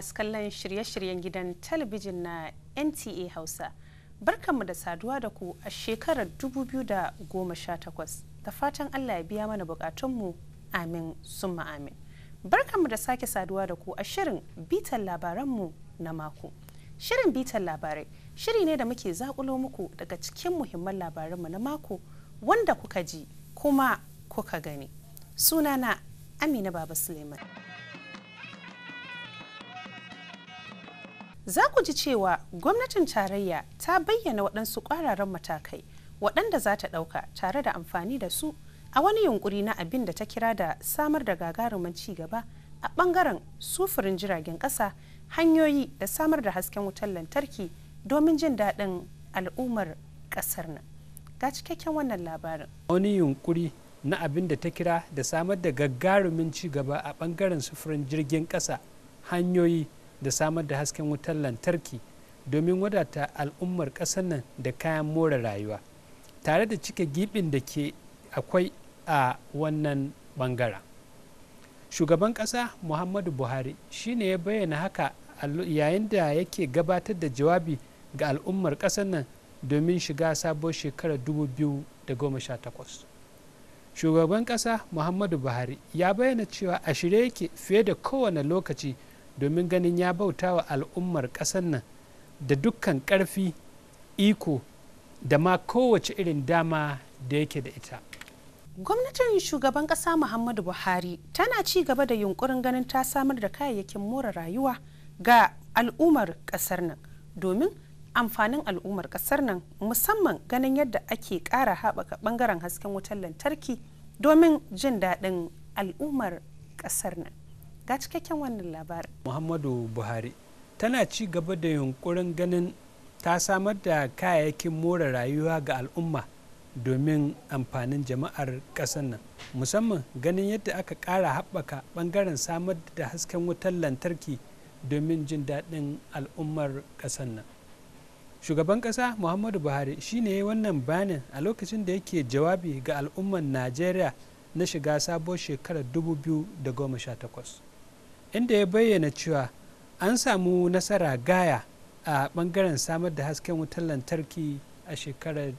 masu kallon shirye-shiryen gidan talabijin na nta hausa barkanmu da saduwa da ku a shekarar 2018 da fatan allah ya biya mana bukatunmu amin summa amin barkanmu da sake saduwa da ku a shirin bitan labaranmu na mako shirin bitan labarai shiri ne da muke zakulo muku daga cikin muhimman labaranmu na mako wanda kuka ji kuma kuka gani sunana amina baba suleiman za ku ji cewa gwamnatin tarayya ta bayyana waɗansu ƙwararren matakai waɗanda za ta ɗauka tare da amfani da su a wani yunkuri na abin da ta kira da samar da gagarumin ci gaba a ɓangaren sufurin jiragen ƙasa hanyoyi da samar da hasken wutar lantarki domin jin daɗin al'ummar ƙasar nan ga cikakken wannan labarin wani yunkuri na abin da ta kira da samar da gagarumin ci gaba a ɓangaren sufurin jirgin ƙasa hanyoyi da samar da hasken wutar lantarki domin wadata al'ummar ƙasar nan da kayan more rayuwa tare da cike gibin da ke akwai a wannan bangara shugaban ƙasa muhammadu buhari shine ya bayyana haka yayin da yake gabatar da jawabi ga al'ummar ƙasar nan domin shiga sabuwar shekarar 2018 shugaban ƙasa muhammadu buhari ya bayyana cewa a shirye yake fiye da kowane lokaci domin ganin ya bauta wa al'ummar ƙasar nan da dukkan ƙarfi iko da ma kowace irin dama da yake da ita gwamnatin shugaban ƙasa muhammadu buhari tana ci gaba da yunkurin ganin ta samar da kayayyakin more rayuwa ga al'ummar ƙasar nan domin amfanin al'ummar ƙasar nan musamman ganin yadda ake ƙara haɓaka ɓangaren hasken wutar lantarki domin jin daɗin al'ummar ƙasar nan ga cikakken wannan labarin muhammadu buhari tana ci gaba da yunkurin ganin ta samar da kayayyakin more rayuwa ga al'umma domin amfanin jama'ar ƙasar nan musamman ganin yadda aka ƙara haɓaka ɓangaren samar da hasken wutar lantarki domin jin daɗin al'ummar ƙasar nan shugaban ƙasa muhammadu buhari shine wannan bayanin a lokacin da yake jawabi ga al'ummar najeriya na shiga sabuwar shekarar 2018 inda ya bayyana cewa an samu nasara gaya a bangaren samar da hasken wutar lantarki a shekarar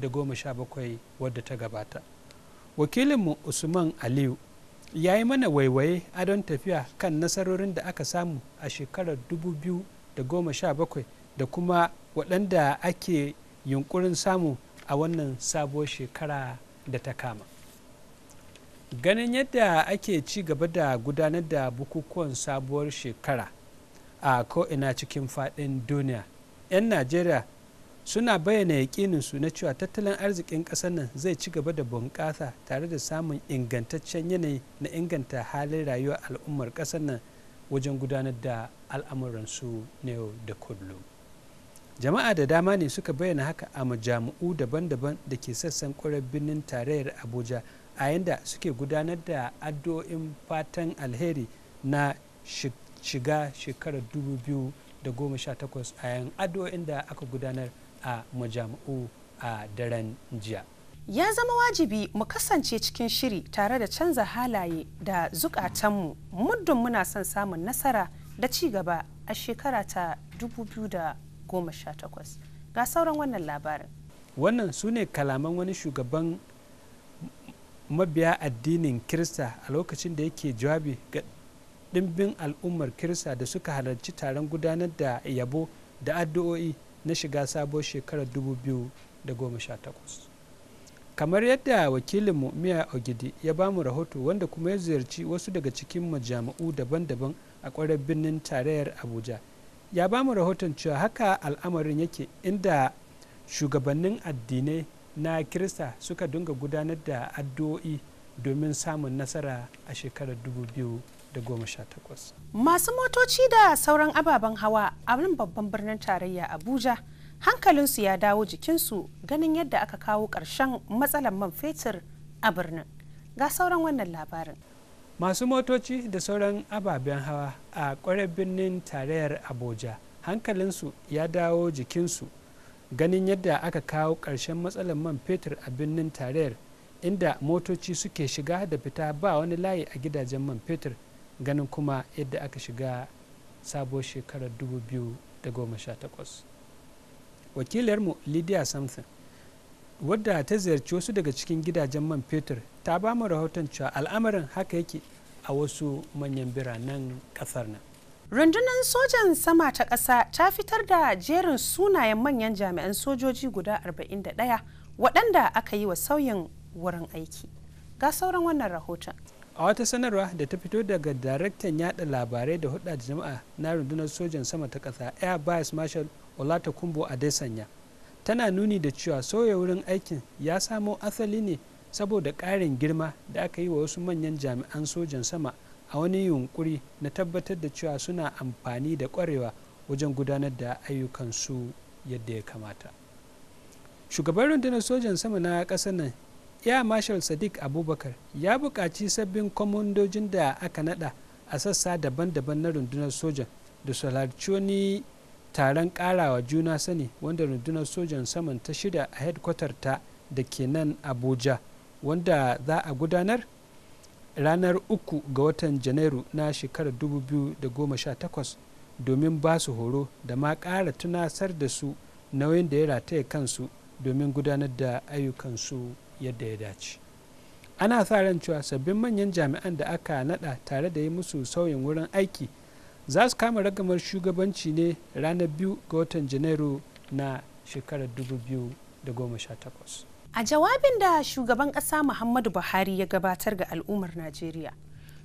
2017 wadda ta gabata wakilinmu usman aliyu ya yi mana waiwaye adon tafiya kan nasarorin da aka samu a shekarar 2017 da kuma waɗanda ake yunkurin samu a wannan sabuwar shekara da ta kama ganin yadda ake ci gaba da gudanar da bukukuwan sabuwar shekara a ko'ina cikin fadin duniya 'yan najeriya suna bayyana yaƙininsu na cewa tattalin arzikin ƙasar nan zai ci gaba da bunƙasa tare da samun ingantaccen yanayi na inganta halin rayuwar al'ummar ƙasar nan wajen gudanar da al'amuransu na yau da kullum jama'a da dama ne suka bayyana haka a majami'u daban-daban da ke sassan birnin tarayyar abuja a yadda suke gudanar da addu'o'in fatan alheri na shiga shekarar 2018 a yan addu'o'in da aka gudanar a majami'u a daren jiya ya zama wajibi mu kasance cikin shiri tare da canza halaye da zukatanmu muddin muna son samun nasara da ci gaba a shekara ta 2018 ga sauran wannan labarin wannan su ne kalaman wani shugaban mabiya addinin kirista a lokacin da yake jawabi ga ɗimbin al'ummar kirista da suka halarci taron gudanar da yabo da addu'o'i na shiga sabon shekarar 2018 kamar yadda wakilin wakilinmu miya ogidi ya ba mu rahoto wanda kuma ya ziyarci wasu daga cikin majami'u daban-daban a kwarar birnin tarayyar abuja ya ba mu rahoton cewa haka al'amarin yake inda shugabannin addinai na kirista suka dinga gudanar da addu'o'i domin samun nasara a shekarar 2018 masu motoci da sauran ababen hawa a nan babban birnin tarayya abuja hankalinsu ya dawo jikinsu ganin yadda aka kawo ƙarshen matsalar man fetur a birnin ga sauran wannan labarin masu motoci da sauran ababen hawa a kwarar birnin tarayyar abuja hankalinsu ya dawo jikinsu ganin yadda aka kawo ƙarshen matsalar man fetur a birnin tarayyar inda motoci suke shiga da fita ba wani layi a gidajen man fetur ganin kuma yadda aka shiga sabuwar shekarar 2018 wakilarmu lydia samson wadda ta ziyarci wasu daga cikin gidajen man fetur ta ba mu rahoton cewa al'amarin haka yake a wasu manyan biranen kasar nan rundunar sojan sama ta ƙasa ta fitar da jerin sunayen manyan jami'an sojoji guda 41 waɗanda aka yi wa sauyin wurin aiki ga sauran wannan rahoton a wata sanarwa da ta fito daga daraktan yada labarai da hudu da jama'a na rundunar sojan sama ta ƙasa air vice marshal olatakumbo adesanya tana nuni da cewa sauya wurin aikin ya samo asali ne saboda ƙarin girma da aka yi wa wasu manyan jami'an sojan sama a wani yunkuri na tabbatar da cewa suna amfani da ƙwarewa wajen gudanar da ayyukansu yadda ya kamata shugaban rundunar sojan sama na ƙasar nan ya marshal sadiq abubakar ya buƙaci sabbin kwamandojin da aka nada a sassa daban-daban na rundunar sojan da su halarci wani taron ƙarawa juna sani wanda rundunar sojan saman ta shida a headquarter ta da ke nan abuja wanda za a gudanar ranar uku ga watan janairu na shekarar 2018 domin ba su horo da ma ƙara tunasar da su nauyin da ya rataya kansu domin gudanar da ayyukansu yadda ya dace ana sa ran cewa sabbin manyan jami'an da aka nada tare da yi musu sauyin wurin aiki za su kama ragamar shugabanci ne ranar biyu ga watan janairu na shekarar 2018 A jawabin da shugaban ƙasa Muhammadu Buhari ya gabatar ga al'ummar Najeriya,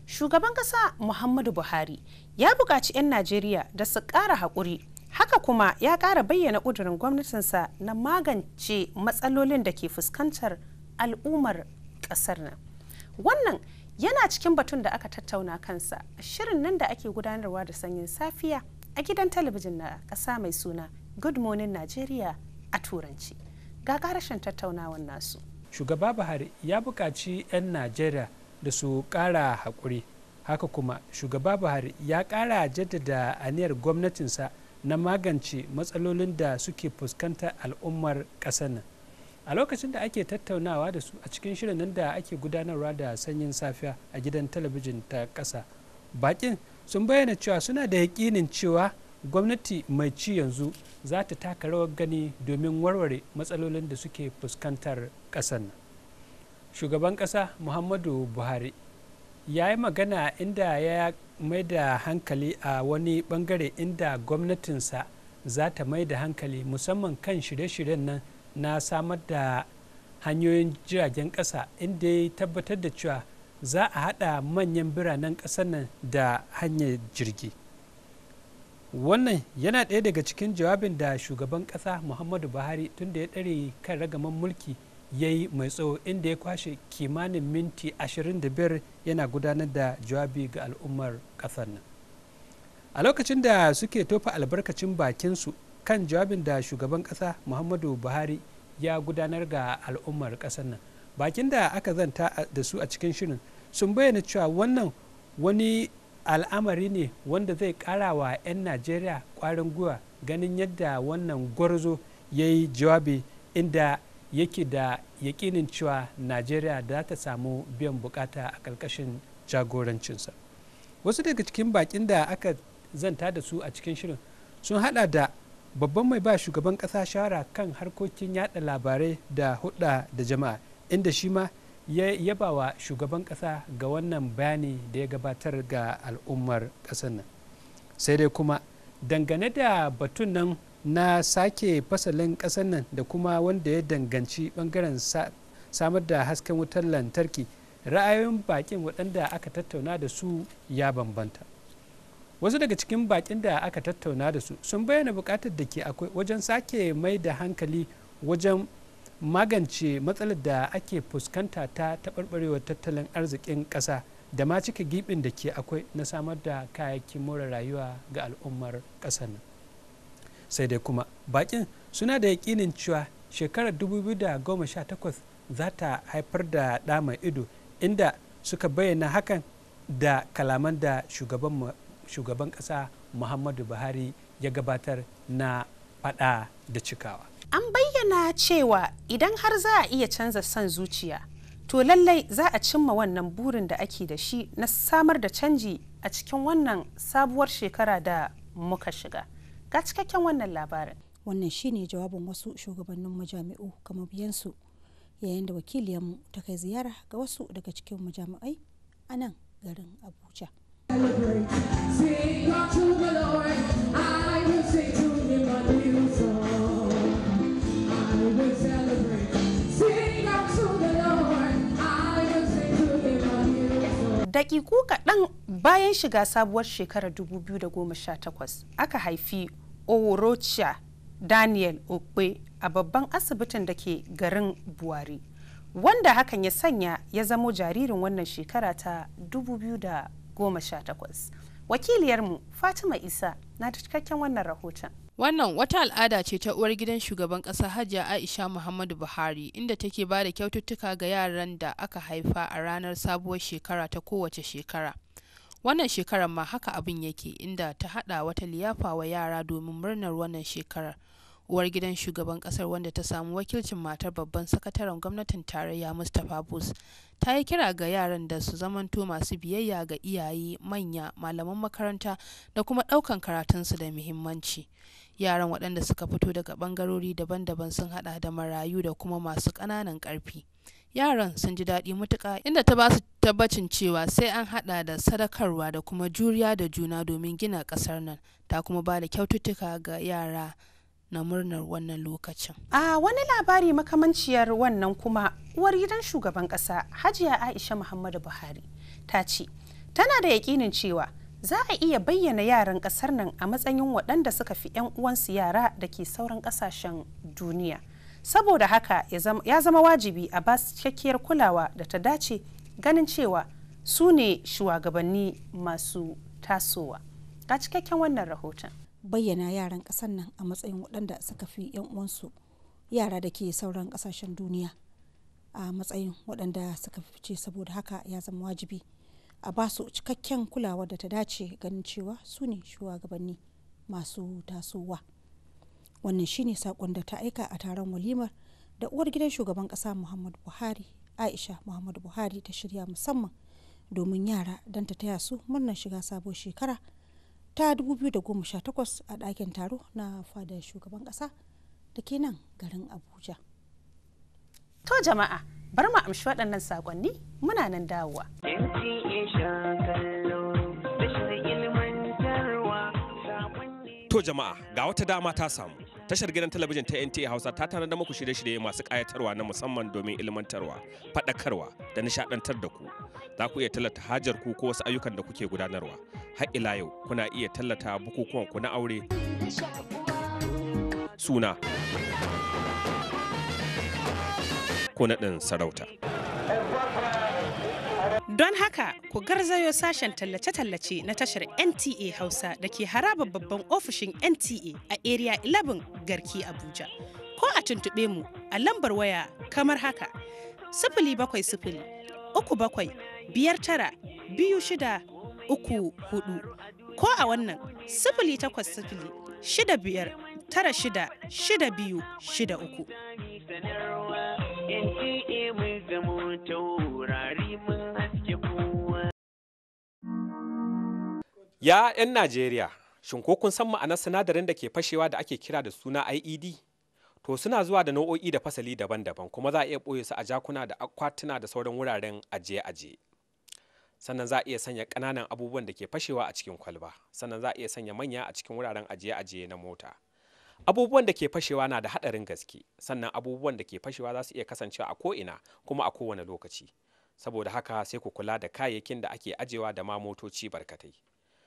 shugaban ƙasa Muhammadu Buhari ya buƙaci 'yan Najeriya da su ƙara haƙuri, haka kuma ya ƙara bayyana ƙudurin gwamnatinsa na magance matsalolin da ke fuskantar al'ummar ƙasar nan. Wannan yana cikin batun da aka tattauna kansa a shirin nan da ake gudanarwa da sanyin safiya a gidan talabijin na ƙasa mai suna Good Morning nigeria a Turanci. ga ƙarashin nasu shugaba buhari ya buƙaci 'yan najeriya da su ƙara haƙuri haka kuma shugaba buhari ya ƙara jaddada aniyar gwamnatinsa na magance matsalolin da suke fuskanta al'ummar ƙasar nan a lokacin da ake tattaunawa da su a cikin shirin nan da ake gudanarwa da sanyin safiya a gidan talabijin ta ƙasa bakin sun bayyana cewa suna da yaƙinin cewa gwamnati mai ci yanzu za ta taka rawar gani domin warware matsalolin da suke fuskantar kasan. shugaban kasa muhammadu buhari ya yi magana inda ya mai da hankali a wani bangare inda gwamnatinsa za ta mai da hankali musamman kan shirye-shiryen nan na samar da hanyoyin jiragen kasa inda ya tabbatar da cewa za a haɗa manyan biranen ƙasa nan da hanyar jirgi wannan yana ɗaya daga cikin jawabin da shugaban ƙasa muhammadu buhari tun da ya ɗare kan ragaman mulki ya yi mai tsawo inda ya kwashe kimanin minti 25 yana gudanar da jawabi ga al'ummar ƙasar nan a lokacin da suke tofa albarkacin bakinsu kan jawabin da shugaban ƙasa muhammadu buhari ya gudanar ga al'ummar ƙasar nan bakin da aka zanta da su a cikin shirin sun bayyana cewa wannan wani al'amari ne wanda zai karawa 'yan najeriya kwarin gwiwa ganin yadda wannan gwarzo ya yi jawabi inda yake da yakinin cewa najeriya za ta samu biyan bukata a ƙarƙashin jagorancinsa wasu daga cikin bakin da aka zanta da su a cikin shirin sun hada da babban mai ba shugaban ƙasa shawara kan harkokin yada labarai da hudda da jama'a inda shi ma ya yaba wa shugaban kasa ga wannan bayani da ya gabatar ga al'ummar kasar nan sai dai kuma dangane da batun nan na sake fasalin kasar nan da kuma wanda ya danganci bangaren samar da hasken wutar lantarki ra'ayoyin bakin waɗanda aka tattauna da su ya bambanta wasu daga cikin bakin da aka tattauna da su sun bayyana bukatar da ke akwai wajen sake mai da hankali wajen magance matsalar da ake fuskanta ta taɓarɓarewar tattalin arzikin ƙasa da ma cika gibin da ke akwai na samar da kayayyakin more rayuwa ga al'ummar ƙasar nan sai dai kuma baƙin suna da yaƙinin cewa shekarar 2018 za ta haifar da ɗa ido inda suka bayyana hakan da kalaman da shugaban ƙasa muhammadu buhari ya gabatar na faɗa da cikawa an bayyana cewa idan har za a iya canza son zuciya to lallai za a cimma wannan burin da ake da shi na samar da canji a cikin wannan sabuwar shekara da muka shiga ga cikakken wannan labarin wannan shine jawabin wasu shugabannin majami'u kamar biyansu yayin da wakiliyarmu ta kai ziyara ga wasu daga cikin majami'ai a nan garin abuja daƙiƙu kaɗan bayan shiga sabuwar shekarar 2018 aka haifi orocha daniel okpe a babban asibitin da ke garin buwari wanda hakan ya sanya ya zamo jaririn wannan shekara ta 2018 wakiliyarmu fatima isa na da cikakken wannan rahoton Wannan wata al'ada ce ta uwar gidan shugaban ƙasa Hajiya Aisha Muhammadu Buhari inda take ba da kyaututtuka ga yaran da aka haifa a ranar sabuwar shekara ta kowace shekara. Wannan shekarar ma haka abin yake inda ta haɗa wata liyafa wa yara domin murnar wannan shekarar. Uwar gidan shugaban ƙasar wanda ta samu wakilcin matar babban sakataren gwamnatin tarayya Mustapha Bus ta yi kira ga yaran da su zamanto masu biyayya ga iyaye, manya, malaman makaranta da kuma ɗaukan karatunsu da muhimmanci. Yaran waɗanda suka fito daga ɓangarori daban-daban sun haɗa da marayu da kuma masu ƙananan ƙarfi. Yaran sun ji daɗi matuƙa inda ta ba su tabbacin cewa sai an haɗa da sadakarwa da kuma juriya da juna domin gina ƙasar nan, ta kuma ba da kyaututtuka ga yara. na murnar wannan lokacin. A wani labari makamanciyar wannan kuma uwar gidan shugaban ƙasa, Hajiya Aisha Muhammadu Buhari ta ce tana da yaƙinin cewa za a iya bayyana yaran kasar nan a matsayin waɗanda suka fi 'yan uwansu yara da ke sauran ƙasashen duniya saboda haka ya zama wajibi a ba su cikakkiyar kulawa da ta dace ganin cewa su ne shugabanni masu tasowa ga cikakken wannan rahoton bayyana yaran kasar nan a matsayin waɗanda suka fi 'yan uwansu yara da ke sauran kasashen duniya a matsayin waɗanda suka fice saboda haka ya zama wajibi a ba su cikakken kulawa da ta dace ganin cewa su ne shugabanni masu tasowa wannan shine sakon da ta aika a taron walimar da uwar gidan shugaban kasa muhammadu buhari aisha muhammadu buhari ta shirya musamman domin yara don ta taya su murnar shiga sabon shekara ta 2018 a ɗakin taro na fadar shugaban ƙasa da ke nan garin abuja to jama'a bar mu amshi waɗannan sakonni muna nan dawowa. To jama'a ga wata dama ta samu. Tashar gidan talabijin ta NTA Hausa ta tanada muku shirye-shirye masu ƙayatarwa na musamman domin ilmantarwa, faɗakarwa da nishaɗantar da ku. Za ku iya tallata hajar ku ko wasu ayyukan da kuke gudanarwa. Har ila yau kuna iya tallata bukukuwan ku na aure. Suna. ko naɗin sarauta. Don haka ku garzayo sashen tallace-tallace na tashar NTA Hausa da ke haraba babban ofishin NTA a Area 11 Garki Abuja. Ko a tuntube mu a lambar waya kamar haka. Sifili bakwai sifili, uku bakwai, biyar tara, biyu shida, uku hudu. Ko a wannan sifili takwas sifili, shida biyar, tara shida, shida biyu, shida uku. Eh ya 'yan Najeriya, shin ko kun san ma'anar sinadarin da ke fashewa da ake kira da suna IED? To suna zuwa da nau'o'i da fasali daban-daban kuma za a iya ɓoye su a jakuna da akwatuna da sauran wuraren ajiye-ajiye. sannan za a iya sanya ƙananan abubuwan da ke fashewa a cikin kwalba sannan za a iya sanya manya a cikin wuraren ajiye-ajiye na mota abubuwan da ke fashewa na da haɗarin gaske sannan abubuwan da ke fashewa za su iya kasancewa a ko'ina kuma a kowane lokaci saboda haka sai ku kula da kayayyakin da ake ajewa da ma motoci barkatai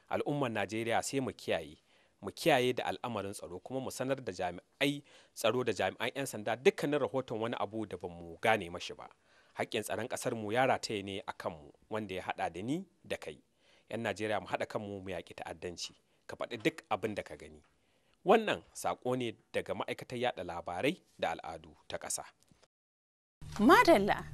al'ummar najeriya sai mu kiyaye mu kiyaye da al'amarin tsaro kuma mu sanar da jami'ai tsaro da jami'an 'yan sanda dukkanin rahoton wani abu da ba mu gane mashi ba haƙƙin tsaron ƙasar mu ya rataye ne a kanmu wanda ya haɗa da ni da kai 'yan najeriya mu haɗa kanmu mu yaƙi ta'addanci ka faɗi duk abin da ka gani wannan saƙo ne daga ma'aikatar yada labarai da al'adu ta ƙasa madalla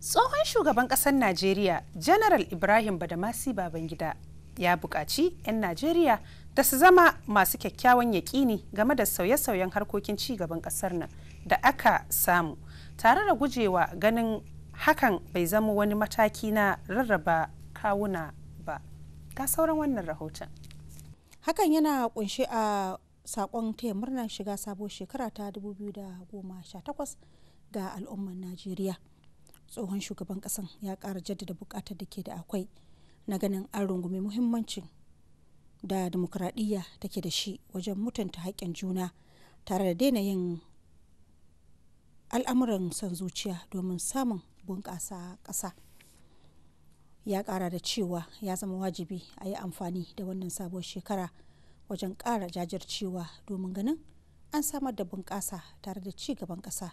tsohon shugaban ƙasar najeriya General ibrahim badamasi babangida ya buƙaci 'yan najeriya da su zama masu kyakkyawan yaƙini game da sauye-sauyen harkokin ci gaban ƙasar nan da aka samu tare da gujewa ganin hakan bai zama wani mataki na rarraba kawuna ba ga sauran wannan rahoton hakan yana kunshe a sakon taya murnar shiga sabuwar shekara ta 2018 ga al'ummar najeriya tsohon shugaban kasan ya kara jaddada bukatar da ke da akwai na ganin an rungumi muhimmancin da demokuraɗiyya take da shi wajen mutunta haƙƙin juna tare da daina yin al'amuran son zuciya domin samun bunƙasa ƙasa ya ƙara da cewa ya zama wajibi a yi amfani da wannan sabuwar shekara wajen ƙara jajircewa domin ganin an samar da bunƙasa tare da ci gaban ƙasa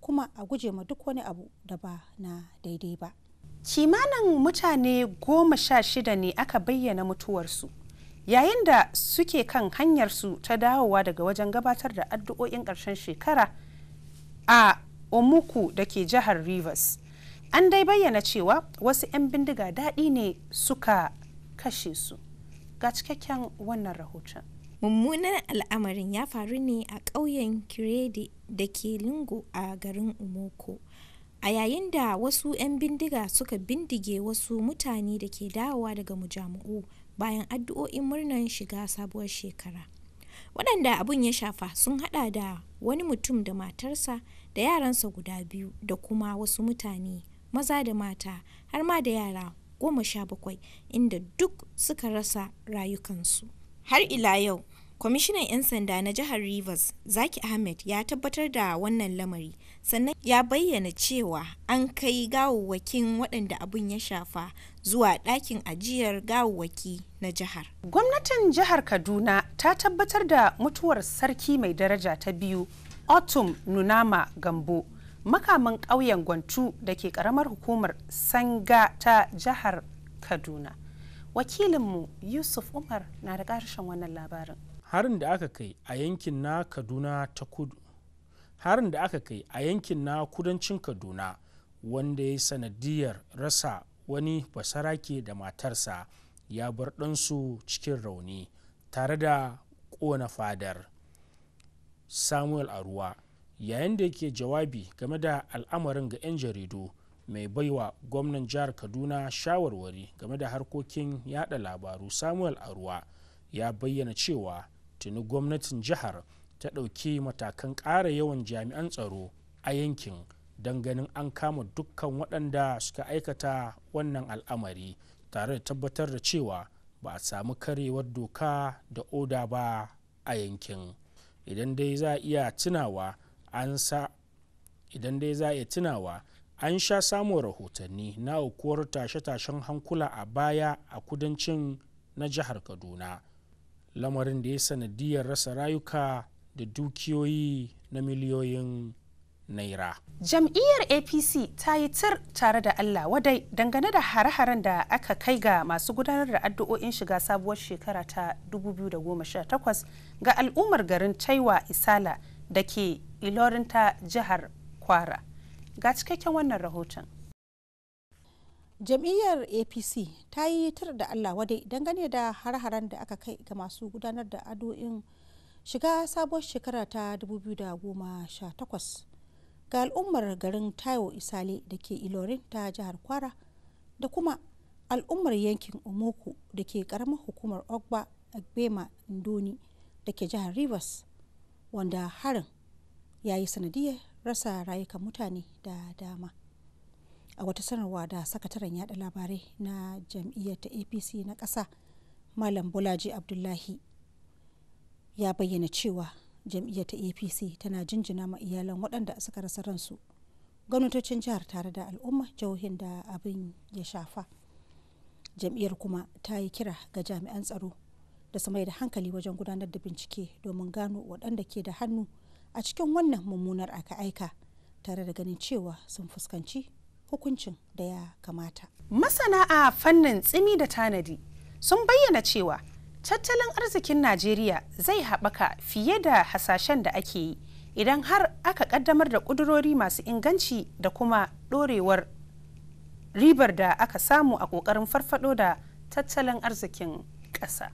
kuma a guje ma duk wani abu da ba na daidai ba. kimanin mutane goma sha shida ne aka bayyana mutuwarsu yayin da suke kan hanyarsu ta dawowa daga wajen gabatar da addu'o'in ƙarshen shekara a omuku da ke jihar rivers an dai bayyana cewa wasu 'yan bindiga daɗi ne suka kashe su ga cikakken wannan rahoton mummunan al'amarin ya faru ne a ƙauyen kiredi da ke lingo a garin umoko a yayin da wasu 'yan bindiga suka bindige wasu mutane da ke dawowa daga mujamu'u bayan addu'o'in murnar shiga sabuwar shekara waɗanda abun ya shafa sun hada da wani mutum da matarsa da yaransa guda biyu da kuma wasu mutane maza da mata har ma da yara goma sha bakwai inda duk suka rasa rayukansu har ila yau kwamishinan 'yan sanda na jihar rivers zaki ahmed ya tabbatar da wannan lamari sannan ya bayyana cewa an kai gawawwakin waɗanda abin ya shafa zuwa ɗakin ajiyar gawawwaki na jihar gwamnatin jihar kaduna ta tabbatar da mutuwar sarki mai daraja ta biyu otum nunama gambo makaman ƙauyen gwantu da ke ƙaramar hukumar sanga ta jihar kaduna wakilinmu yusuf umar na da ƙarshen wannan labarin harin da aka kai a yankin na kaduna ta kudu harin da aka kai a yankin na kudancin kaduna wanda ya sanadiyar rasa wani basarake da matarsa ya bar ɗansu cikin rauni tare da ƙona fadar samuel aruwa yayin da yake jawabi game da al'amarin ga 'yan jaridu mai baiwa gwamnan jihar kaduna shawarwari game da harkokin yada labaru samuel aruwa ya bayyana cewa tuni gwamnatin jihar ta ɗauki matakan ƙara yawan jami'an tsaro a yankin don ganin an kama dukkan waɗanda suka aikata wannan al'amari tare da tabbatar da cewa ba a samu karewar doka da oda ba a yankin idan dai za a iya tunawa an sa idan dai za a tunawa an sha samun rahotanni na aukuwar tashe-tashen hankula a baya a kudancin na jihar kaduna lamarin da ya sanadiyar rasa rayuka da dukiyoyi na miliyoyin naira. jam'iyyar apc ta yi tir tare da allah wadai dangane da hare-haren da aka kai ga masu gudanar da addu'o'in shiga sabuwar shekara ta 2018 ga al'ummar garin taiwa isala da ke ilorin ta jihar kwara ga cikakken wannan rahoton jam'iyyar apc ta yi tur da allah wadai dangane da har-haren da aka kai ga masu gudanar da ado'in shiga sabuwar shekara ta 2018 ga al'ummar garin taiwo isale da ke ilorin ta jihar kwara da kuma al'ummar yankin omoku da ke karamar hukumar ogba agbema ndoni da ke jihar rivers wanda harin ya yi sanadiyar rasa rayukan mutane da dama a wata sanarwa da sakataren yada labarai na jam'iyyar ta apc na ƙasa malam bolaji abdullahi ya bayyana cewa jam'iyyar ta apc tana jinjina ma iyalan waɗanda suka rasa ransu gwamnatocin jihar tare da al'umma jihohin da abin ya shafa jam'iyyar kuma ta yi kira ga jami'an tsaro da su mai da hankali wajen gudanar da bincike domin gano waɗanda ke da hannu a cikin wannan mummunar aka aika tare da ganin cewa sun fuskanci hukuncin da ya kamata. Masana a fannin tsimi da tanadi sun bayyana cewa tattalin arzikin Najeriya zai haɓaka fiye da hasashen da ake yi idan har aka ƙaddamar da ƙudurori masu inganci da kuma ɗorewar ribar da aka samu a ƙoƙarin farfaɗo da tattalin arzikin ƙasa.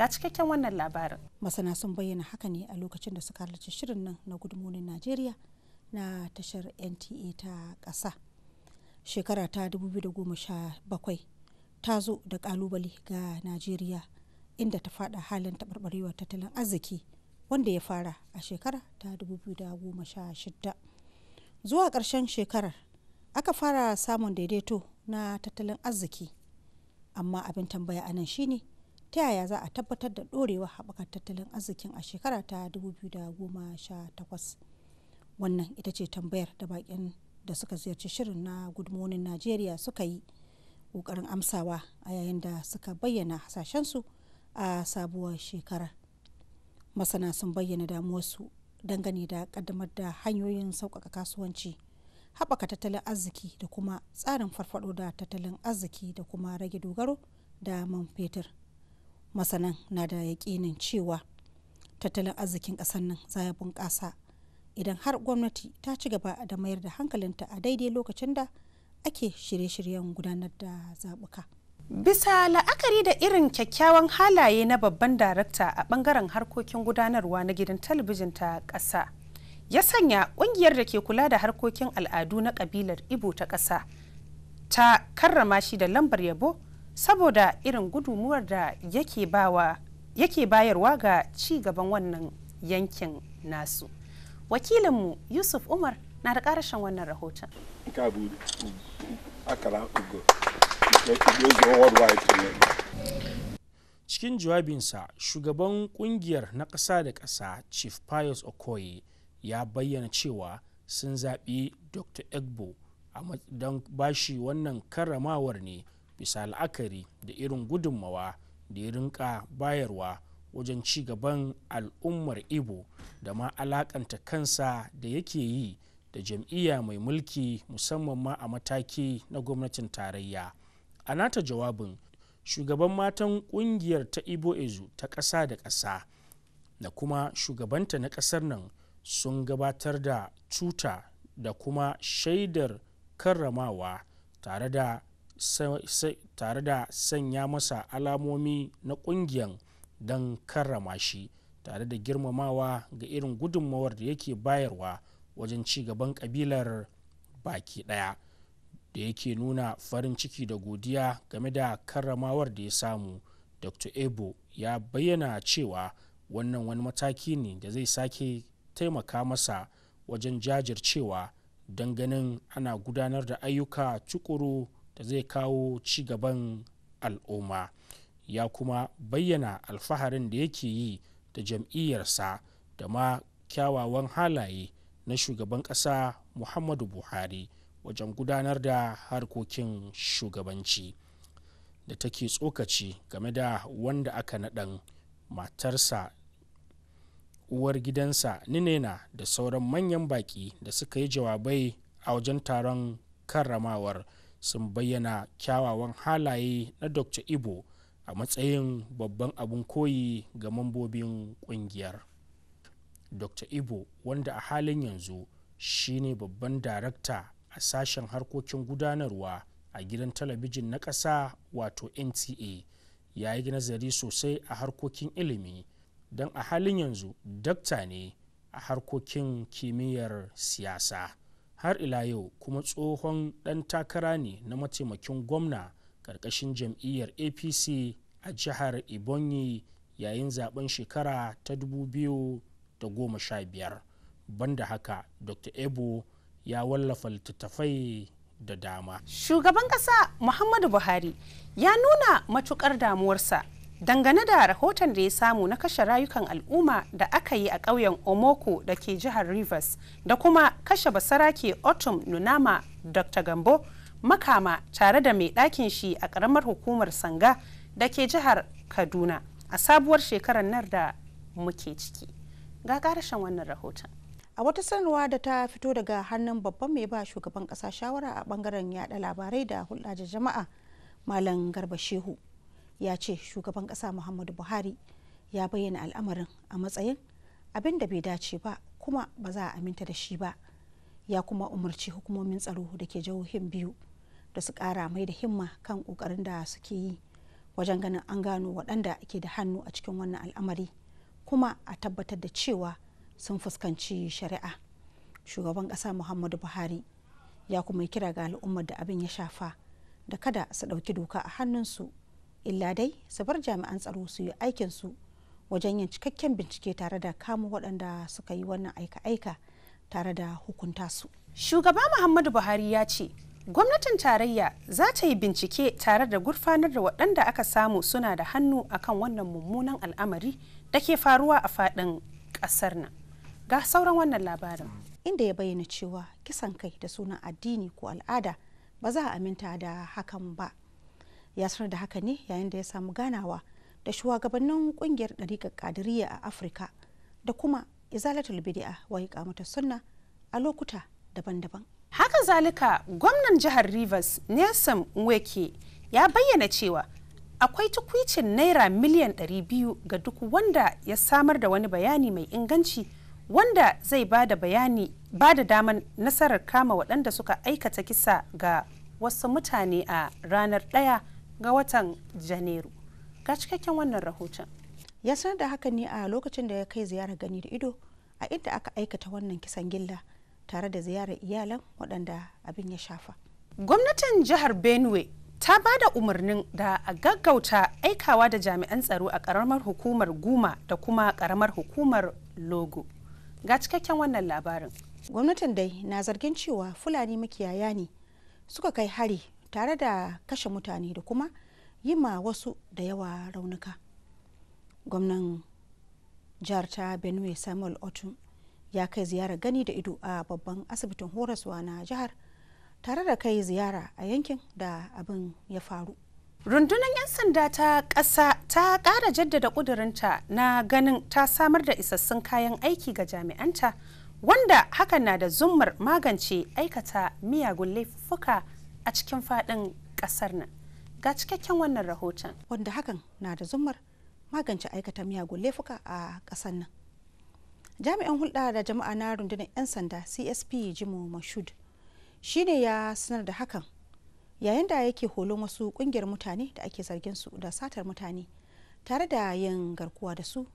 Ga cikakken wannan labarin. Masana sun bayyana haka ne a lokacin da suka halarci shirin nan na gudumonin Najeriya na tashar NTA ta ƙasa. Shekara ta 2017 ta zo da ƙalubale ga Najeriya inda ta fada halin taɓarɓarewar tattalin arziki wanda ya fara a shekara ta 2016. Zuwa ƙarshen shekarar aka fara samun daidaito na tattalin arziki amma abin tambaya anan shine ta yaya za a tabbatar da ɗorewar haɓakar tattalin arzikin a shekara ta 2018 wannan ita ce tambayar da bakin da suka ziyarci shirin na good morning najeriya suka yi ƙoƙarin amsawa a yayin da suka bayyana hasashensu a sabuwar shekara masana sun bayyana damuwarsu dangane da ƙaddamar da hanyoyin sauƙaƙa kasuwanci haɓaka tattalin arziki da kuma tsarin farfaɗo da tattalin arziki da kuma rage dogaro da man fetur masanan na da yaƙinin cewa tattalin arzikin ƙasar nan za ya bunƙasa idan har gwamnati ta ci gaba da mayar da hankalinta a daidai lokacin da ake shirye-shiryen gudanar da zabuka. bisa la'akari da irin kyakkyawan halaye na babban darakta a bangaren harkokin gudanarwa na gidan talabijin ta ƙasa ya sanya ƙungiyar da ke kula da harkokin al'adu na ƙabilar ibo ta ƙasa ta karrama shi da lambar yabo saboda irin gudumuwar da yake bayarwa ga ci gaban wannan yankin nasu wakilinmu yusuf umar na da karashen wannan rahoton cikin jawabinsa shugaban kungiyar na ƙasa da ƙasa chief pius okoye ya bayyana cewa sun zaɓi dr egbo don bashi wannan karramawar ne bisa la'akari da irin gudunmawa da ya rinka bayarwa wajen ci gaban al'ummar ibo da ma alakanta kansa da yake yi da jam'iyya mai mulki musamman ma a mataki na gwamnatin tarayya a nata jawabin shugaban matan kungiyar ta ibo ezu ta ƙasa da ƙasa da kuma shugabanta na ƙasar nan sun gabatar da cuta da kuma shaidar karramawa tare da tare da sanya masa alamomi na ƙungiyan don karrama shi tare da girmamawa ga irin gudunmawar da yake bayarwa wajen ci gaban ƙabilar baki daya da yake nuna farin ciki da godiya game da karramawar da ya samu dr ebo ya bayyana cewa wannan wani mataki ne da zai sake taimaka masa wajen jajircewa don ganin ana gudanar da ayyuka tukuru da zai kawo ci gaban al'umma ya kuma bayyana alfaharin da yake yi da jam'iyyarsa da ma kyawawan halaye na shugaban ƙasa muhammadu buhari wajen gudanar da harkokin shugabanci da take tsokaci game da wanda aka naɗan matarsa uwar gidansa ninena da sauran manyan baƙi da suka yi jawabai a wajen taron karramawar sun bayyana kyawawan halaye na dr ibo a matsayin babban abin koyi ga mambobin kungiyar dr ibo wanda a halin yanzu shine babban darakta a sashen harkokin gudanarwa a gidan talabijin na ƙasa wato nta ya yi nazari sosai a harkokin ilimi don a halin yanzu dakta ne a harkokin kimiyyar siyasa har ila yau kuma tsohon ɗan takara ne na mataimakin gwamna ƙarƙashin jam'iyyar apc a jihar ibonyi yayin zaben shekara ta 2015 banda haka dr ebo ya wallafa littattafai da dama shugaban ƙasa muhammadu buhari ya nuna matuƙar damuwarsa dangane da rahoton da ya samu na kashe rayukan al'umma da aka yi a ƙauyen omoko da ke jihar rivers da kuma kashe basarake otum nunama dr gambo makama tare da mai ɗakin shi a ƙaramar hukumar sanga da ke jihar kaduna a sabuwar shekarar nan da muke ciki ga ƙarashen wannan rahoton a wata sanarwa da ta fito daga hannun babban mai ba shugaban ƙasa shawara a bangaren yada labarai da hulɗa jama'a malam garba shehu ya ce shugaban kasa muhammadu buhari ya bayyana al'amarin a matsayin abin da bai dace ba kuma ba za a aminta da shi ba ya kuma umarci hukumomin tsaro da ke jihohin biyu da su kara mai da himma kan kokarin da suke yi wajen ganin an gano waɗanda ke da hannu a cikin wannan al'amari kuma a tabbatar da cewa sun fuskanci shari'a shugaban ƙasa muhammadu buhari ya kuma kira ga al'ummar da abin ya shafa da kada su ɗauki doka a hannunsu illa dai su bar jami'an tsaro su yi aikinsu wajen yin cikakken bincike tare da kamo waɗanda suka yi wannan aika-aika tare da hukunta su. Shugaba Muhammadu Buhari ya ce, gwamnatin tarayya za ta yi bincike tare da gurfanar da waɗanda aka samu suna da hannu akan wannan mummunan al'amari da ke faruwa a faɗin ƙasar nan. Ga sauran wannan labarin. Inda ya bayyana cewa kisan kai da sunan addini ko al'ada ba za a aminta da hakan ba. ya sanar da haka ne yayin da ya samu ganawa da shugabannin kungiyar ɗariƙar ƙadiriya a afirka da kuma izalatul bidi'a wai kamata sunna a lokuta daban-daban haka zalika gwamnan jihar rivers nelson nweke ya bayyana cewa akwai tukwicin naira miliyan 200 ga duk wanda ya samar da wani bayani mai inganci wanda zai ba da bayani ba da daman nasarar kama waɗanda suka aikata kisa ga wasu mutane a ranar ɗaya ga watan janairu ga cikakken wannan rahoton ya sanar da haka ne a lokacin da ya kai ziyarar gani da ido a inda aka aikata wannan kisan gilla tare da ziyarar iyalan waɗanda abin ya shafa gwamnatin jihar benue ta ba da umarnin da a gaggauta aikawa da jami'an tsaro a ƙaramar hukumar guma da kuma ƙaramar hukumar logo ga cikakken wannan labarin gwamnatin dai na zargin cewa fulani makiyaya ne suka kai hari tare da kashe mutane da kuma yi ma wasu da yawa raunuka gwamnan jihar ta benue samuel otum ya kai ziyara gani da ido a babban asibitin horaswa na jihar tare da kai ziyara a yankin da abin ya faru rundunar 'yan sanda ta ƙasa ta ƙara jaddada ƙudurinta na ganin ta samar da isassun kayan aiki ga jami'anta wanda hakan na da zummar magance aikata miyagun laifuka a cikin faɗin ƙasar nan ga cikakken wannan rahoton wanda hakan na da zumar magance aikata miyagun laifuka a ƙasar nan jami'an hulɗa da jama'a na rundunar 'yan sanda csp jimo mashud shine ya sanar da hakan yayin da yake holon wasu ƙungiyar mutane da ake zargin su da satar mutane tare da yin garkuwa da su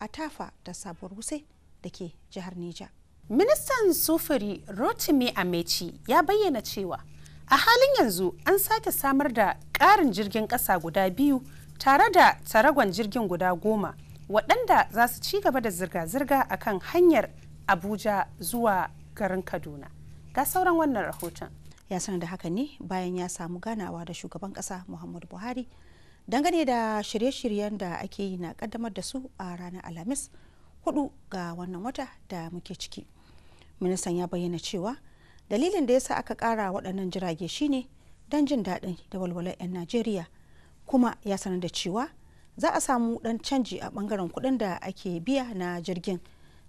a tafa da sabuwar wuse da ke jihar nija. Ministan sufuri Rotimi Amechi ya bayyana cewa a halin yanzu an sake samar da ƙarin jirgin ƙasa guda biyu tare da taragon jirgin guda goma waɗanda za su ci gaba da zirga-zirga a kan hanyar abuja zuwa garin kaduna ga sauran wannan rahoton ya sanar da haka ne bayan ya samu ganawa da shugaban ƙasa muhammadu buhari dangane da shirye-shiryen da ake yi na ƙaddamar da su a ranar alhamis hudu ga wannan wata da muke ciki ministan ya bayyana cewa dalilin da yasa aka kara waɗannan jirage shine don jin daɗin da walwalar 'yan najeriya kuma ya sanar da cewa za a samu ɗan canji a ɓangaren kuɗin da ake biya na jirgin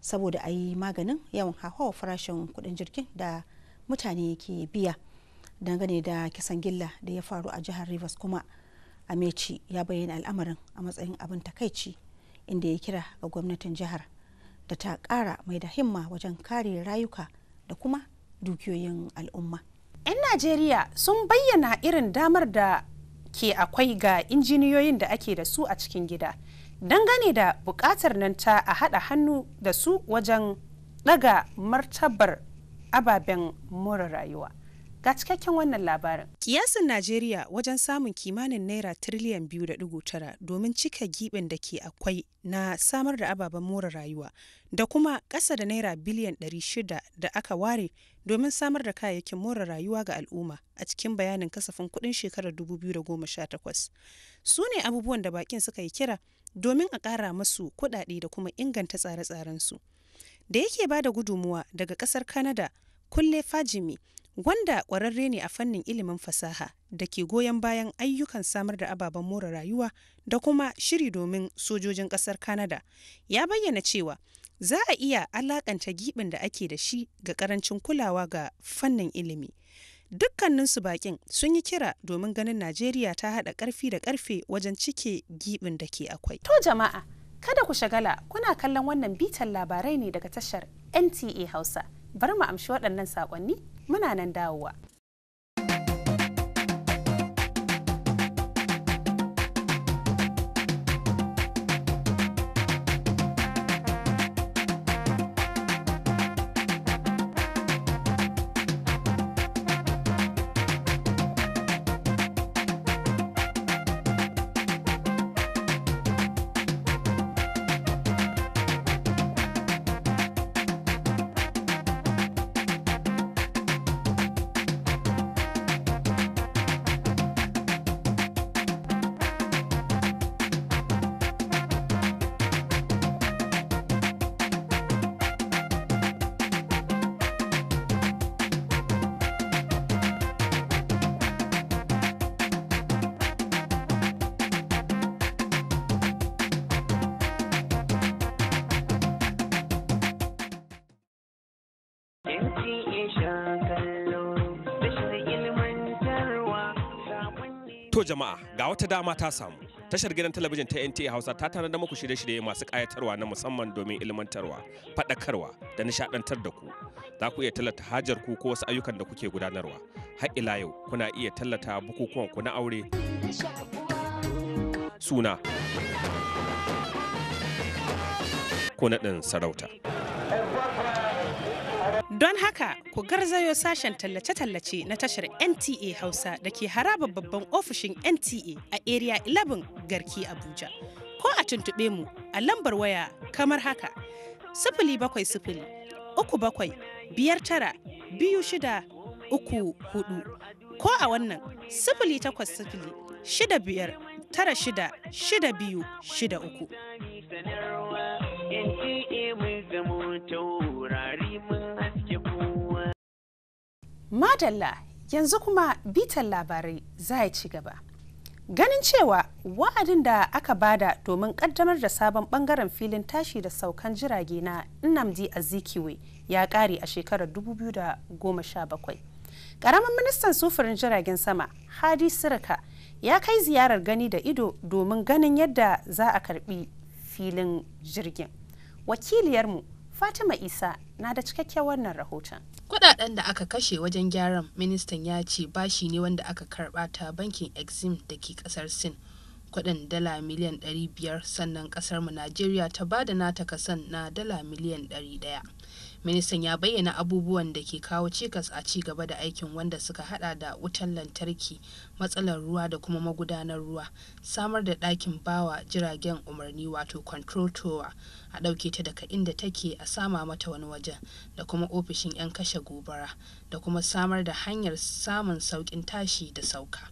saboda a yi maganin yawan hauhawar farashin kuɗin jirgin da mutane ke biya dangane da kisan gilla da ya faru a jihar rivers kuma amechi ya bayyana al'amarin a matsayin abin takaici inda ya kira ga gwamnatin jihar da ta ƙara mai da himma wajen kare rayuka da kuma dukiyoyin al'umma. 'Yan Najeriya sun bayyana irin damar da ke akwai ga injiniyoyin da ake da su a cikin gida dangane da buƙatar nan ta a haɗa hannu da su wajen ɗaga martabar ababen more rayuwa. Ga cikakken wannan labarin. Kiyasin Najeriya wajen samun kimanin naira tiriliyan biyu da dugu tara domin cika giɓin da ke akwai na samar da ababen more rayuwa da kuma ƙasa da naira biliyan ɗari shida da aka ware domin samar da kayayyakin more rayuwa ga al'umma a cikin bayanin kasafin kuɗin shekarar 2018. Su ne abubuwan da bakin suka yi kira domin a ƙara masu kuɗaɗe da kuma inganta tsare-tsarensu. Da yake ba da gudunmuwa daga ƙasar kanada kulle Fajimi wanda ƙwararre ne a fannin ilimin fasaha da ke goyon bayan ayyukan samar da ababen more rayuwa da kuma shiri domin sojojin ƙasar Canada, ya bayyana cewa za a iya alakanta giɓin da ake da shi ga ƙarancin kulawa ga fannin ilimi. Dukkaninsu bakin sun yi kira domin ganin Najeriya ta haɗa ƙarfi da ƙarfe wajen cike giɓin da ke akwai. To jama'a, kada ku shagala kuna kallon wannan bitan labarai ne daga tashar NTA Hausa. bar mu amshi waɗannan saƙonni muna nan dawowa To jama'a ga wata dama ta samu. Tashar gidan talabijin ta NTA Hausa ta tanada muku shirye-shirye masu ƙayatarwa na musamman domin ilmantarwa, faɗakarwa da nishaɗantar da ku. Za ku iya tallata hajar ku ko wasu ayyukan da kuke gudanarwa. Har ila yau kuna iya tallata bukukuwan ku na aure. Suna. Ko naɗin sarauta. Don haka ku garzayo sashen tallace-tallace na tashar NTA Hausa da ke haraba babban ofishin NTA a Area 11 Garki Abuja. Ko a tuntuɓe mu a lambar waya kamar haka. Sifili bakwai sifili, uku bakwai, biyar tara, biyu shida, uku hudu. Ko a wannan sifili takwas sifili, shida biyar, tara shida, shida biyu, shida uku. Madalla yanzu kuma bitan labarai za a ci gaba. Ganin cewa wa'adin da aka bada domin kaddamar da sabon bangaren filin tashi da saukan jirage na Nnamdi Azikiwe ya kare a shekarar 2017. Karamin ministan sufurin jiragen sama Hadi Sirka ya kai ziyarar gani da ido domin ganin yadda za a karbi filin jirgin. Wakiliyarmu Fatima Isa na da cikakken wannan rahoton. Kudaden da aka kashe wajen gyaran ministan ya ce bashi ne wanda aka karba ta bankin Exim da ke kasar Sin. Kudin dala miliyan 500 sannan kasar mu Najeriya ta bada nata kasan na dala miliyan 100. ministan ya bayyana abubuwan da ke kawo cikas a ci gaba da aikin wanda suka hada da wutan lantarki matsalar ruwa da kuma magudanar ruwa samar da ɗakin bawa jiragen umarni wato control tower a ɗauke ta daga inda take a sama mata wani wajen da kuma ofishin 'yan kashe gobara da kuma samar da hanyar samun sauƙin tashi da sauka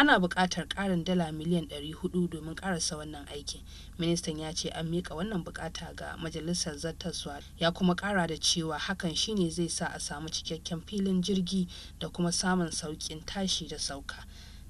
ana buƙatar ƙarin dala miliyan 400 domin ƙarasa wannan aikin ministan ya ce an mika wannan buƙata ga majalisar zartaswa ya kuma ƙara da cewa hakan shine zai sa a samu cikakken filin jirgi da kuma samun sauƙin tashi da sauka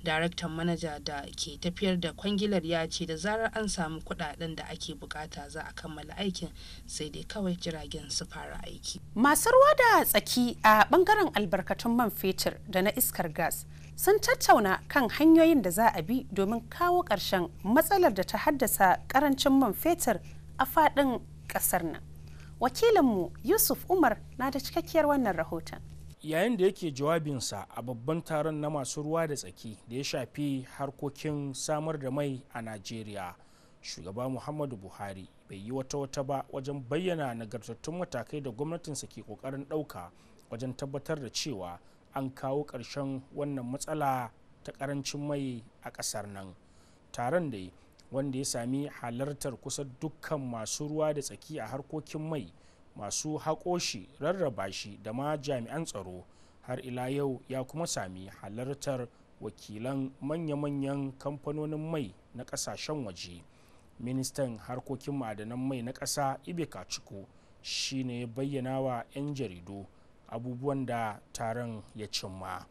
daraktan manaja da ke tafiyar da kwangilar ya ce da zarar an samu kudaden da ake bukata za a kammala aikin sai dai kawai jiragen su fara aiki masu ruwa da tsaki a bangaren albarkatun man fetur da na iskar gas sun tattauna kan hanyoyin da za a bi domin kawo ƙarshen matsalar da ta haddasa ƙarancin man fetur a faɗin ƙasar nan wakilinmu yusuf umar na da cikakkiyar wannan rahoton yayin da yake jawabinsa a babban taron na masu ruwa da tsaki da ya shafi harkokin samar da mai a najeriya shugaba muhammadu buhari bai yi wata wata ba wajen bayyana nagartattun matakai da gwamnatinsa ke kokarin ɗauka wajen tabbatar da cewa an kawo ƙarshen wannan matsala ta ƙarancin mai a ƙasar nan taron da wanda ya sami halartar kusa dukkan masu ruwa da tsaki a harkokin mai masu haƙo shi rarraba shi da ma jami'an tsaro har ila yau ya kuma sami halartar wakilan manya-manyan kamfanonin mai na ƙasashen waje ministan harkokin ma'adanan mai na ƙasa ibe kacuku shine bayyana wa 'yan jaridu abubuwan da taron ya cimma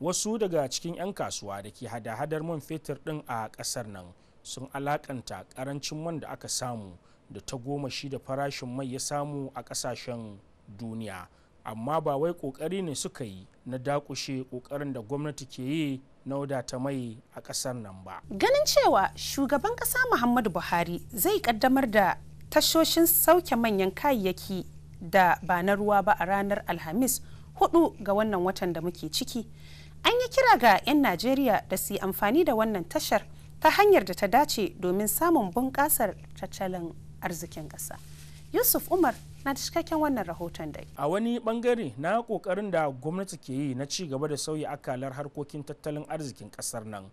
wasu daga cikin 'yan kasuwa da ke hada-hadar man fetur din a kasar nan sun alakanta karancin man da aka samu da ta goma shi da farashin mai ya samu a kasashen duniya amma ba wai kokari ne suka yi na dakushe kokarin da gwamnati ke yi na wadata mai a kasar nan ba. Ganin cewa shugaban kasa Muhammadu Buhari zai kaddamar da tashoshin sauke manyan kayayyaki da ba na ruwa ba a ranar alhamis hudu ga wannan watan da muke ciki an yi kira ga 'yan najeriya da su yi amfani da wannan tashar ta hanyar da ta dace domin samun bunƙasar tattalin arzikin ƙasa yusuf umar na cikakken wannan rahoton dai a wani bangare na kokarin da gwamnati ke yi na ci gaba da sauya akalar harkokin tattalin arzikin ƙasar nan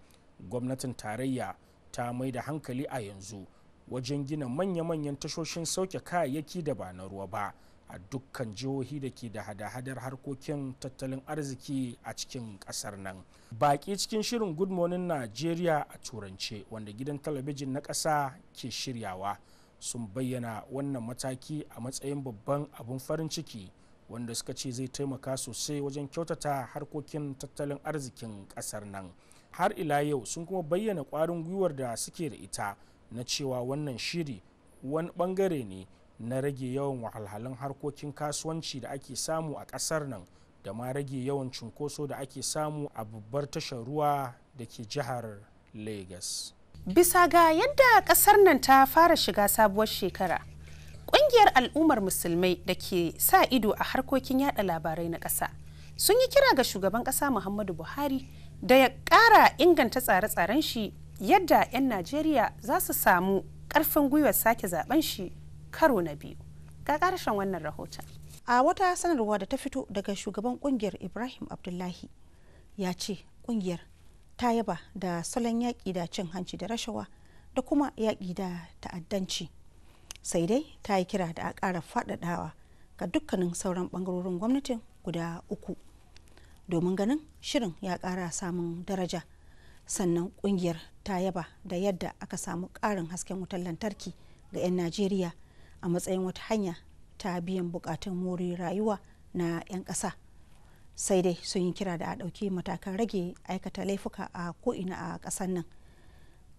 gwamnatin tarayya ta mai da hankali a yanzu wajen gina manya-manyan tashoshin sauke kayayyaki da ba na ruwa ba a dukkan jihohi da ke da hada-hadar harkokin tattalin arziki a cikin kasar nan baki cikin shirin good morning nigeria a turance wanda gidan talabijin na ƙasa ke shiryawa sun bayyana wannan mataki a matsayin babban abun farin ciki wanda suka ce zai taimaka sosai wajen kyautata harkokin tattalin arzikin ƙasar nan har ila yau sun kuma bayyana ƙwarin gwiwar da suke da ita na cewa wannan shiri wani bangare ne na rage yawan wahalhalun harkokin kasuwanci da ake samu a ƙasar nan da ma rage yawan cunkoso da ake samu a babbar tashar ruwa da ke jihar lagos bisa ga yadda ƙasar nan ta fara shiga sabuwar shekara ƙungiyar al'ummar musulmai da ke sa ido a harkokin yada labarai na ƙasa sun yi kira ga shugaban ƙasa muhammadu buhari da ya ƙara inganta tsare-tsaren shi yadda 'yan najeriya za su samu ƙarfin gwiwar sake zaben shi karo na biyu ga karshen wannan rahoton a wata sanarwa da ta fito daga shugaban kungiyar ibrahim abdullahi ya ce kungiyar ta yaba da salon yaƙi da cin hanci da rashawa da kuma yaƙi da ta'addanci sai dai ta yi kira da a ƙara faɗaɗawa ga dukkanin sauran ɓangarorin gwamnatin guda uku domin ganin shirin ya ƙara samun daraja sannan ƙungiyar ta yaba da yadda aka samu ƙarin hasken wutar lantarki ga 'yan najeriya a matsayin wata hanya ta biyan bukatun more rayuwa na 'yan ƙasa sai dai sun yi kira da a ɗauki matakan rage aikata laifuka a ko'ina a ƙasar nan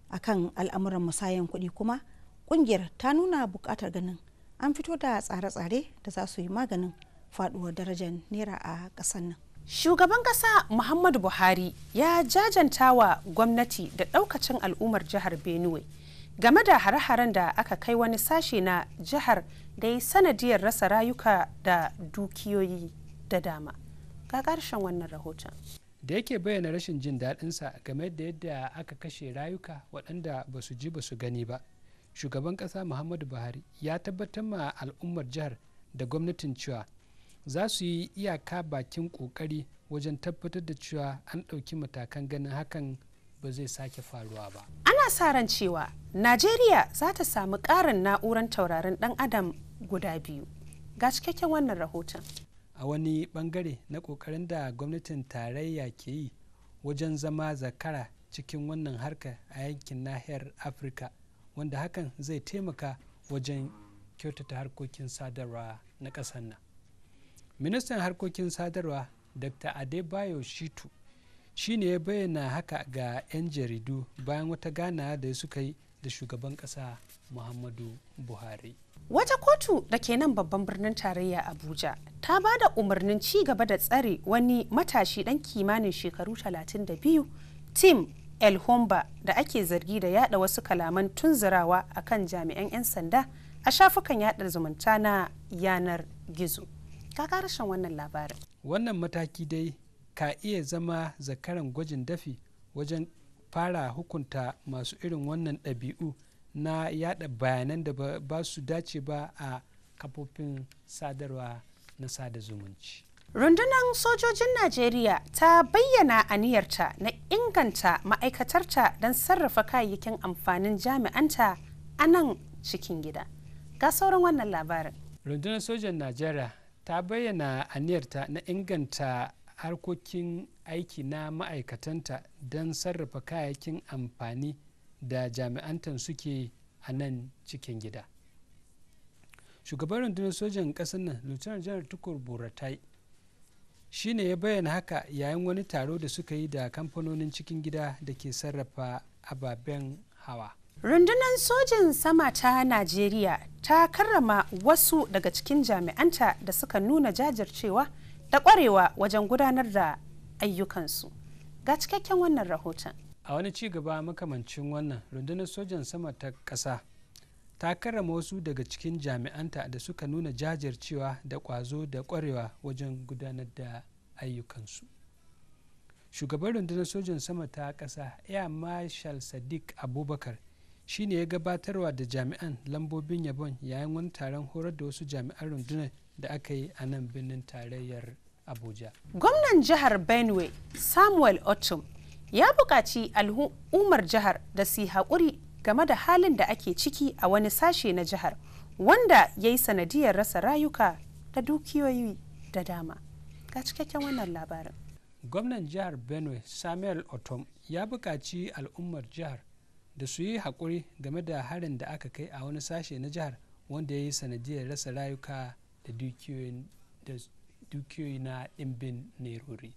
a kan al'amuran musayan kuɗi kuma ƙungiyar ta nuna buƙatar ganin an fito da tsare-tsare da za su yi maganin faɗuwar darajar naira a ƙasar nan shugaban ƙasa muhammadu buhari ya jajanta wa gwamnati da ɗaukacin al'ummar jihar benue game da hare-haren da aka kai wani sashe na jihar da ya sanadiyar rasa rayuka da dukiyoyi da dama ga karshen wannan rahoton da yake bayyana rashin jin daɗinsa game da yadda aka kashe rayuka waɗanda ba su ji ba su gani ba shugaban ƙasa muhammadu buhari ya tabbatar ma al'ummar jihar da gwamnatin cewa za su yi iyaka bakin ƙoƙari wajen tabbatar da cewa an ɗauki matakan ganin hakan ba zai sake faruwa ba ana sa ran cewa najeriya za ta samu ƙarin na'urar taurarin dan adam guda biyu ga cikakken wannan rahoton a wani bangare na ƙoƙarin da gwamnatin tarayya ke yi wajen zama zakara cikin wannan harka a yankin nahiyar afirka wanda hakan zai taimaka wajen kyautata harkokin sadarwa na ƙasar nan ministan harkokin sadarwa dr adebayo shitu Shi ne ya bayyana haka ga 'yan jaridu bayan wata gana da suka yi da shugaban ƙasa muhammadu buhari wata kotu da ke nan babban birnin tarayya abuja ta ba da umarnin ci gaba da tsare wani matashi dan kimanin shekaru 32 tim el homba da ake zargi da yada wasu kalaman tunzurawa a kan jami'an 'yan sanda a shafukan yada zumunta na yanar gizo ka karshen wannan labarin wannan mataki dai ka iya zama zakaran gwajin dafi wajen fara hukunta masu irin wannan ɗabi'u na yada bayanan da ba su dace ba a kafofin sadarwa na sada zumunci rundunar sojojin najeriya ta bayyana aniyarta na inganta ma'aikatarta don sarrafa kayayyakin amfanin jami'anta a nan cikin gida ga sauran wannan labarin rundunar sojan najeriya ta bayyana aniyarta na inganta harkokin aiki na ma'aikatanta don sarrafa kayayyakin amfani da jami'antan suke a nan cikin gida shugaban rundunar sojan ƙasar nan lieutenant general tukur buratai shi ne ya bayyana haka yayin wani taro da suka yi da kamfanonin cikin gida da ke sarrafa ababen hawa rundunar sojin sama ta najeriya ta karrama wasu daga cikin jami'anta da suka nuna jajircewa da kwarewa wajen gudanar da ayyukansu ga cikakken wannan rahoton a wani ci gaba makamancin wannan rundunar sojan sama ta ƙasa ta karrama wasu daga cikin jami'anta da suka nuna jajircewa da ƙwazo da kwarewa wajen gudanar da ayyukansu shugaban rundunar sojan sama ta ƙasa air marshal sadiq abubakar shine ya gabatarwa da jami'an lambobin yabon yayin wani taron horar da wasu jami'an rundunar da aka yi a nan birnin tarayyar abuja gwamnan jihar benue samuel otum ya buƙaci al'ummar jihar da su haƙuri game da halin da ake ciki a wani sashe na jihar wanda ya yi sanadiyar rasa rayuka da dukiyoyi da dama ga cikakken wannan labarin gwamnan jihar benue samuel otum ya buƙaci al'ummar jihar da su yi haƙuri game da harin da aka kai a wani sashe na jihar wanda ya yi sanadiyar rasa rayuka da dukiyoyi na ɗimbin nerori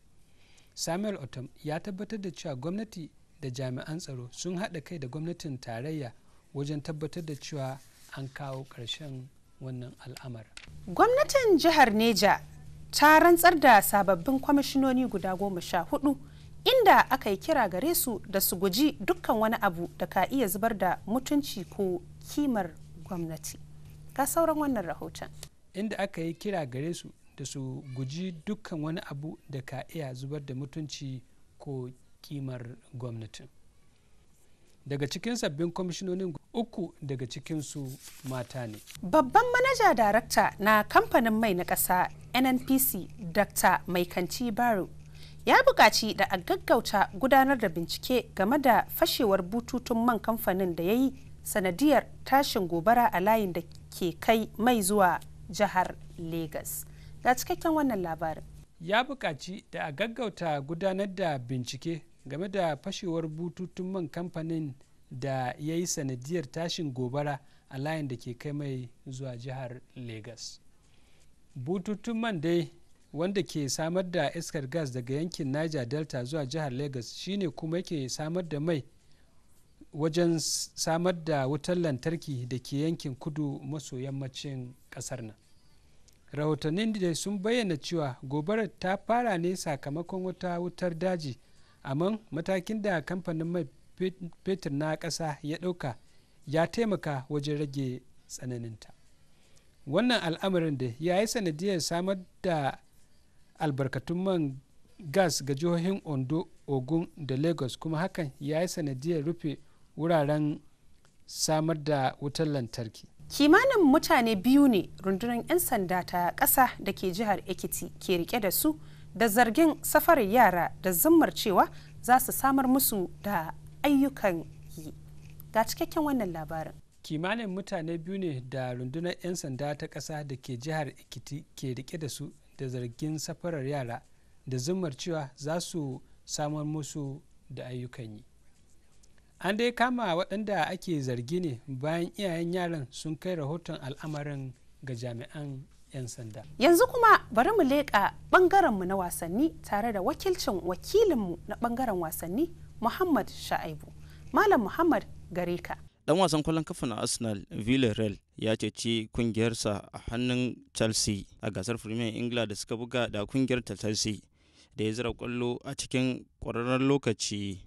samuel otom ya tabbatar da cewa gwamnati da jami'an tsaro sun haɗa kai da gwamnatin tarayya wajen tabbatar da cewa an kawo ƙarshen wannan al'amar gwamnatin jihar neja ta rantsar da sababbin kwamishinoni guda goma sha hudu inda aka yi kira gare su da su guji dukkan wani abu da ka iya zubar da mutunci ko kimar gwamnati ga sauran wannan rahoton inda aka yi kira gare su da su guji dukkan wani abu da ka iya zubar da mutunci ko kimar gwamnatin daga cikin sabbin kwamishinonin uku daga cikin su mata ne babban manaja darakta na kamfanin mai na ƙasa nnpc dr maikanci baro ya buƙaci da a gaggauta gudanar da bincike game da fashewar bututun man kamfanin da ya yi sanadiyar tashin gobara a layin da ke kai mai zuwa jihar Legas. Ga cikakken wannan labarin. Ya buƙaci da a gaggauta gudanar da bincike game da fashewar bututun man kamfanin da ya yi sanadiyar tashin gobara a layin da ke kai mai zuwa jihar Legas. Bututun man dai wanda ke samar da iskar gas daga yankin niger delta zuwa jihar legas shine kuma yake samar da mai wajen samar da wutar lantarki da ke yankin kudu maso yammacin kasar nan rahotannin da sun bayyana cewa gobarar ta fara ne sakamakon wata wutar daji amma matakin da kamfanin mai fetur na kasa ya ɗauka ya taimaka wajen rage tsananinta wannan al'amarin da ya yi sanadiyar samar da albarkatun man gas ga jihohin ondo ogun da lagos kuma hakan ya yi sanadiyar rufe wuraren samar da wutar lantarki kimanin mutane biyu ne rundunar 'yan sanda ta ƙasa da ke jihar ekiti ke rike da su da zargin safarin yara da zammar cewa za su samar musu da ayyukan yi ga cikakken wannan labarin kimanin mutane biyu ne da rundunar 'yan sanda ta ƙasa da ke jihar ekiti ke rike da su da zargin safarar yara da zammar cewa za su samar musu da ayyukan yi an dai kama waɗanda ake zargi ne bayan iyayen yaran sun kai rahoton al'amarin ga jami'an 'yan sanda yanzu kuma bari mu leƙa mu na wasanni tare da wakilcin wakilin mu na ɓangaren wasanni muhammad sha'ibu malam muhammad gare ka dan wasan kwallon kafa na arsenal villarreal ya ceci kungiyarsa a hannun chelsea a gasar premier ingila da suka buga da kungiyar ta chelsea da ya zira kwallo a cikin kwararren lokaci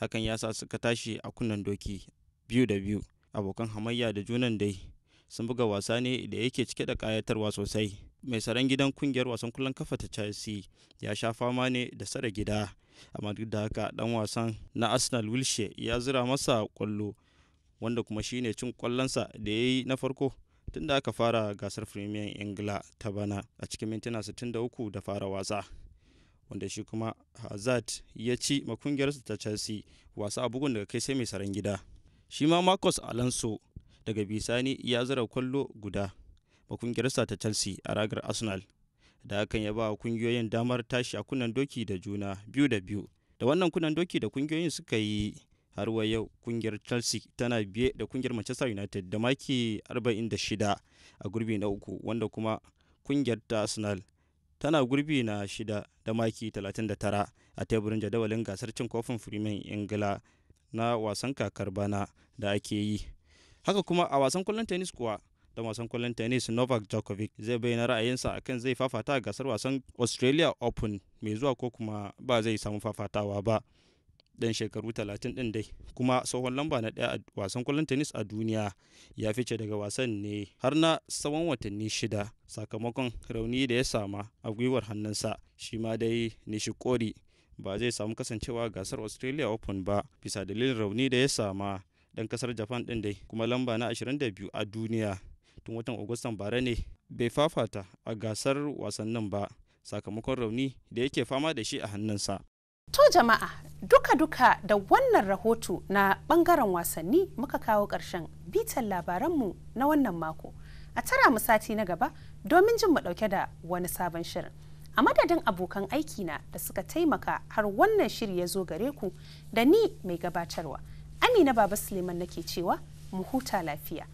hakan ya sa suka tashi a kunnen doki biyu da biyu abokan hamayya da junan dai sun buga wasa ne da yake cike da kayatarwa sosai mai saran gidan kungiyar wasan kullon kafa ta chelsea ya sha fama ne da sare gida amma duk da haka dan wasan na arsenal wilshe ya zira masa kwallo wanda kuma shine cin kwallonsa da ya yi na farko tunda aka fara gasar premier ingila ta bana a cikin mintuna 63 da fara wasa wanda shi kuma hazard ya ci makungiyarsa ta chelsea wasa a bugun daga kai sai mai saran gida shi ma Marcos alonso daga bisani ya zara kwallo guda makungiyarsa ta chelsea a ragar arsenal da hakan ya ba wa kungiyoyin damar tashi a kunan doki da juna biyu da biyu da wannan kunan doki da kungiyoyin suka yi har wa yau kungiyar chelsea tana biye da kungiyar manchester united da maki 46 a gurbi na uku wanda kuma kungiyar ta arsenal tana gurbi na shida da maki 39 a teburin jadawalin gasar cin kofin firimin ingila na wasan kakar bana da ake yi haka kuma a wasan kwallon tennis kuwa da wasan kwallon tennis novak djokovic zai bayyana ra'ayinsa akan zai fafata gasar wasan australia open mai zuwa ko kuma ba zai samu fafatawa ba dan shekaru 30 din dai kuma tsohon lamba na daya a wasan kwallon tennis a duniya ya fice daga wasan ne har na tsawon watanni shida sakamakon rauni da ya sama a gwiwar hannunsa shi ma dai nishikori ba zai samu kasancewa gasar australia open ba bisa dalilin rauni da ya sama dan kasar japan din dai kuma lamba na 22 a duniya tun watan agustan bara ne bai fafata a gasar wasannin ba sakamakon rauni da yake fama da shi a hannunsa To jama'a duka-duka da wannan rahoto na bangaren wasanni muka kawo ƙarshen bitan labaranmu na wannan mako. A tara mu sati na gaba domin jin mu ɗauke da wani sabon shirin. A madadin abokan aikina da suka taimaka har wannan shiri ya zo gare ku da ni mai gabatarwa. Amina Baba Suleiman nake cewa mu huta lafiya.